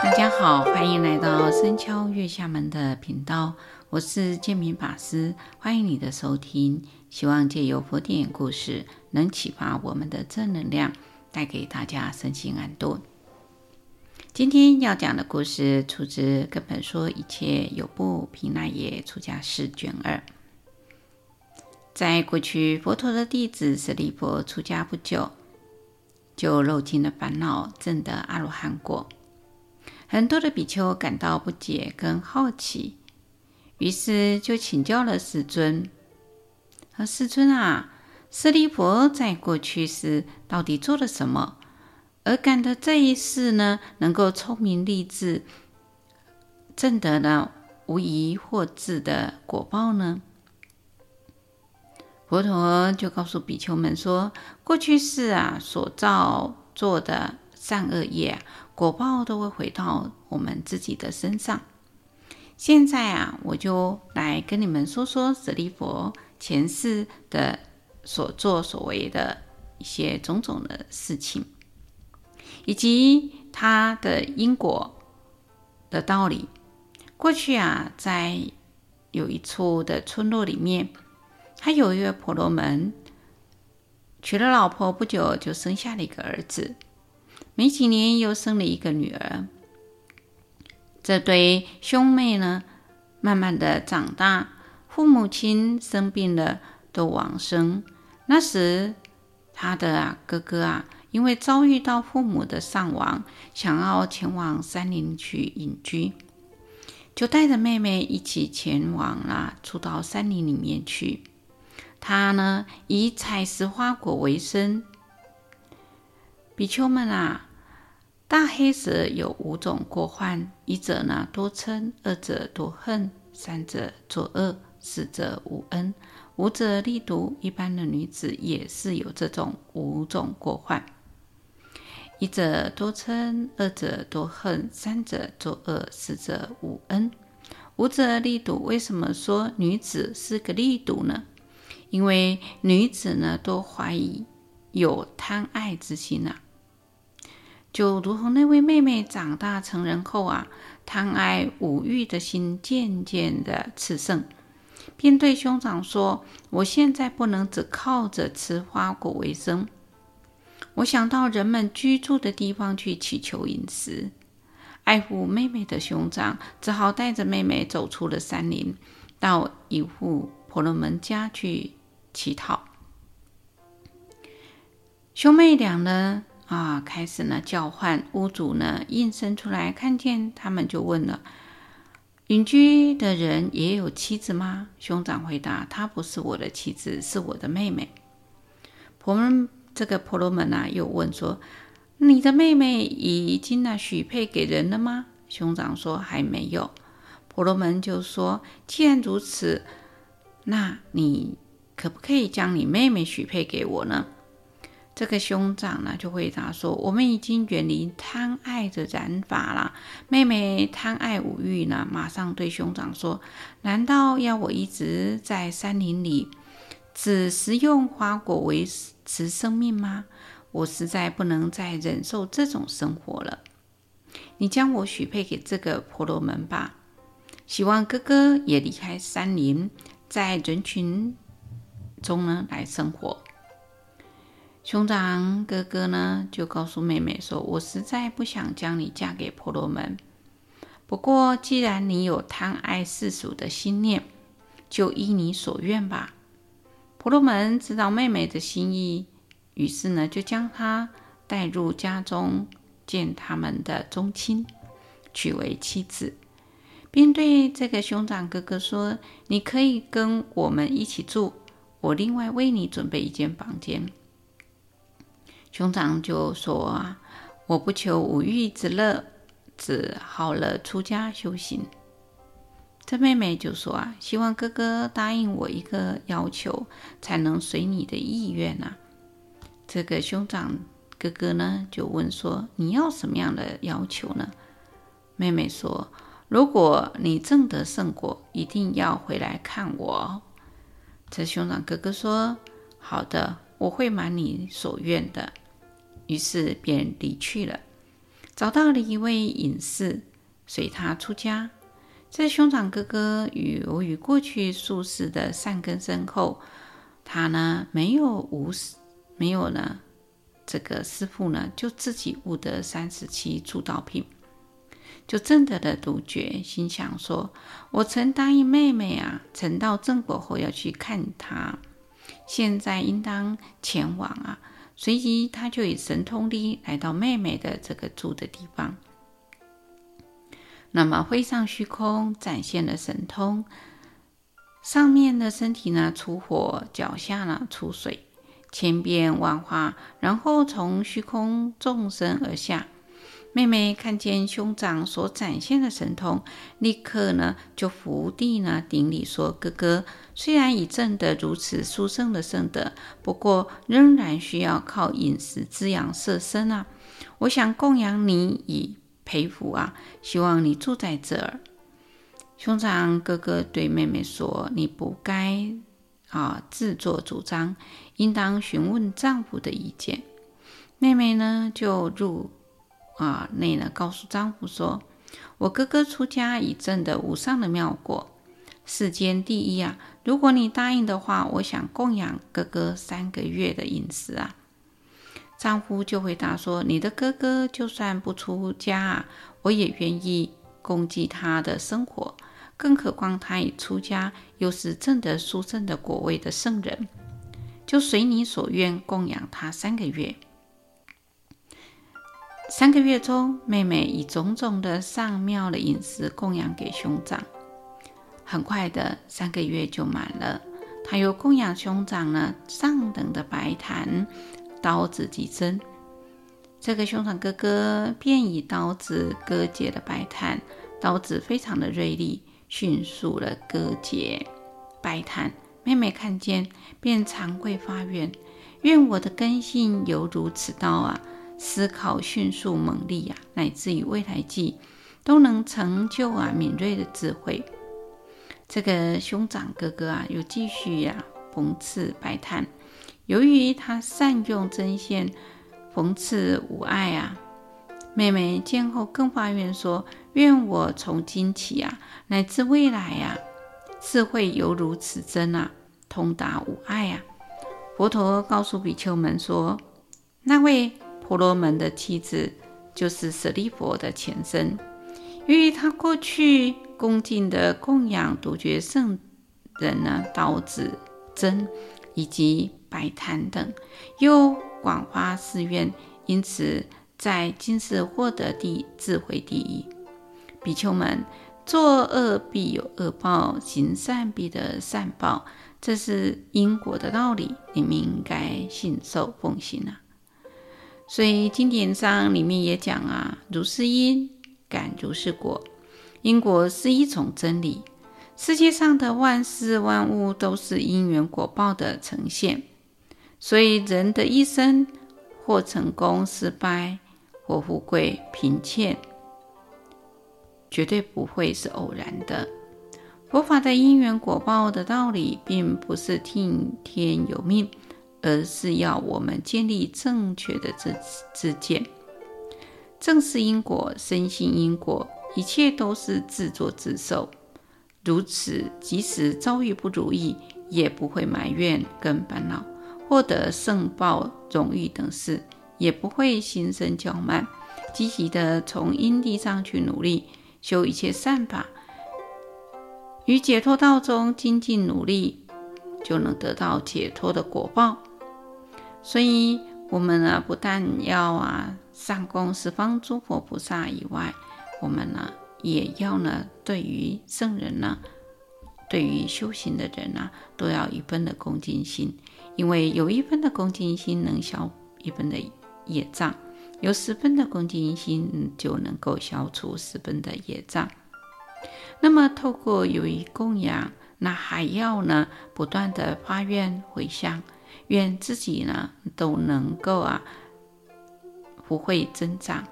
大家好，歡迎來到僧敲月下門的頻道，我是建明法師，歡迎你的收聽。希望借由佛典故事，能啟發我們的正能量，帶給大家身心安頓。今天要講的故事出自《根本說一切有部毘奈耶出家事》卷二。在過去，佛陀的弟子舍利弗出家不久，就漏盡了煩惱，證得阿羅漢果。很多的比丘感到不解跟好奇，於是就請教了世尊。啊，世尊啊，舍利弗在過去世到底做了什麼，而感得這一世呢，能夠聰明利智，證得了無疑惑智的果報呢？佛陀就告訴比丘們說，過去世啊所造作的。善惡業啊，果報都會回到我們自己的身上。現在啊，我就來跟你們說說舍利弗前世的所作所為的一些種種的事情，以及他的因果的道理。過去啊，在有一處的村落裡面，他有一位婆羅門，娶了老婆，不久就生下了一個兒子。沒幾年，又生了一個女兒。這對兄妹呢，慢慢的長大，父母親生病了，都往生。那時，他的、啊、哥哥啊，因為遭遇到父母的喪亡，想要前往山林去隱居，就帶着妹妹一起前往了、啊，住到山林裡面去。他呢，以採拾花果為生。比丘們啊。大黑蛇有五種過患：一者呢多嗔，二者多恨，三者作惡，四者無恩，五者利毒。一般的女子也是有這種五種過患：一者多嗔，二者多恨，三者作惡，四者無恩，五者利毒。為什麼說女子是個利毒呢？因為女子呢都懷疑有貪愛之心呢、啊就如同那位妹妹長大成人後啊，貪愛五欲的心漸漸的熾盛，便對兄長說：“我現在不能只靠着吃花果為生，我想到人們居住的地方去乞求飲食。”愛護妹妹的兄長只好帶着妹妹走出了山林，到一戶婆羅門家去乞討。兄妹倆呢？啊，開始呢叫喚，屋主呢應聲出來，看見他們就問了：隱居的人也有妻子嗎？兄長回答：她不是我的妻子，是我的妹妹。婆羅門這個婆羅門呢、啊，又問說：你的妹妹已經呢許配給人了嗎？兄長說：還沒有。婆羅門就說：既然如此，那你可不可以將你妹妹許配給我呢？這個兄長呢就回答說：“我們已經遠離貪愛的染法了。”妹妹貪愛五欲呢，馬上對兄長說：“難道要我一直在山林裡，只食用花果維持生命嗎？我實在不能再忍受這種生活了。你將我許配給這個婆羅門吧。希望哥哥也離開山林，在人群中呢來生活。”兄長哥哥呢，就告訴妹妹說：“我實在不想將你嫁給婆羅門，不過既然你有貪愛世俗的心念，就依你所願吧。”婆羅門知道妹妹的心意，於是呢，就將她帶入家中，見他們的宗親，娶為妻子，並對這個兄長哥哥說：“你可以跟我們一起住，我另外為你準備一間房間。”兄長就說啊，我不求五欲之樂，只好了出家修行。這妹妹就說啊，希望哥哥答應我一個要求，才能隨你的意願啊。這個兄長哥哥呢，就問說，你要什麼樣的要求呢？妹妹說，如果你證得勝果，一定要回來看我。這兄長哥哥說，好的。我會滿你所願的，於是便離去了。找到了一位隱士，隨他出家。這兄長哥哥與我與過去宿世的善根深厚，他呢沒有無師，沒有呢這個師父呢，就自己悟得三十七助道品，就證得的獨覺。心想說：我曾答應妹妹啊，成道證果後要去看她。現在應當前往啊！隨即，他就以神通力來到妹妹的這個住的地方。那麼，飛上虛空，展現了神通，上面的身體呢出火，腳下呢出水，千變萬化，然後從虛空縱身而下。妹妹看見兄長所展現的神通，立刻呢就伏地呢頂禮說：“哥哥，雖然已證得如此殊勝的聖德，不過仍然需要靠飲食滋養色身啊！我想供養你以培福啊，希望你住在這兒。”兄長哥哥對妹妹說：“你不該啊自作主張，應當詢問丈夫的意見。”妹妹呢就入。啊，那呢告訴丈夫說：“我哥哥出家已證得無上的妙果，世間第一啊！如果你答應的話，我想供養哥哥三個月的飲食啊。”丈夫就回答說：“你的哥哥就算不出家啊，我也願意供給他的生活，更何況他已出家，又是證得殊勝的果位的聖人，就隨你所願，供養他三個月。”三個月中，妹妹以種種的上妙的飲食供養給兄長。很快的，三個月就滿了，她又供養兄長了上等的白氈、刀子及針。這個兄長哥哥便以刀子割截的白氈，刀子非常的銳利，迅速的割截白氈。妹妹看見，便長跪發願：願我的根性猶如此刀啊！思考迅速猛利呀，啊，乃至於未來際，都能成就啊敏銳的智慧。這個兄長哥哥啊，又繼續呀縫刺白氈。由於他善用針線，縫刺無礙啊。妹妹見後，更發願說：願我從今起啊，乃至未來呀，啊，智慧猶如此針啊，通達無礙啊。佛陀告訴比丘們說：那位。婆羅門的妻子就是舍利弗的前身，因為她過去恭敬的供養獨覺聖人呢，刀子、針以及白氈等，又廣發誓願，因此在今世獲得第智慧第一。比丘們，作惡必有惡報，行善必得善報，這是因果的道理，你們應該信受奉行啊。所以經典上裡面也講啊，如是因，感如是果，因果是一種真理。世界上的萬事萬物都是因緣果報的呈現，所以人的一生，或成功失敗，或富貴貧賤，絕對不會是偶然的。佛法的因緣果報的道理，並不是聽天由命。而是要我們建立正確的知見，正視因果，深信因果，一切都是自作自受。如此，即使遭遇不如意，也不會埋怨跟煩惱；獲得勝報、榮譽等事，也不會心生驕慢，積極地從因地上去努力，修一切善法，於解脫道中精進努力，就能得到解脫的果報。所以，我們呢，不但要啊，上供十方諸佛菩薩以外，我們呢，也要呢，對於聖人呢，對於修行的人呢，都要一分的恭敬心，因為有一分的恭敬心，能消一分的業障；有十分的恭敬心，就能夠消除十分的業障。那麼，透過有一供養，那還要呢，不斷的發願回向。願自己呢都能夠啊，不會增長，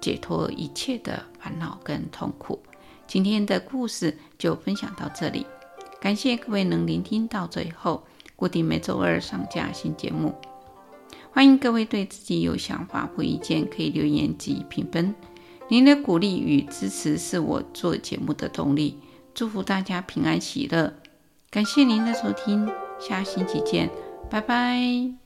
解脫一切的煩惱跟痛苦。今天的故事就分享到這裡，感謝各位能聆聽到最後。固定每周二上架新節目，歡迎各位對自己有想法、或意見可以留言及評分。您的鼓勵與支持是我做節目的動力。祝福大家平安喜樂，感謝您的收聽，下星期見。拜拜。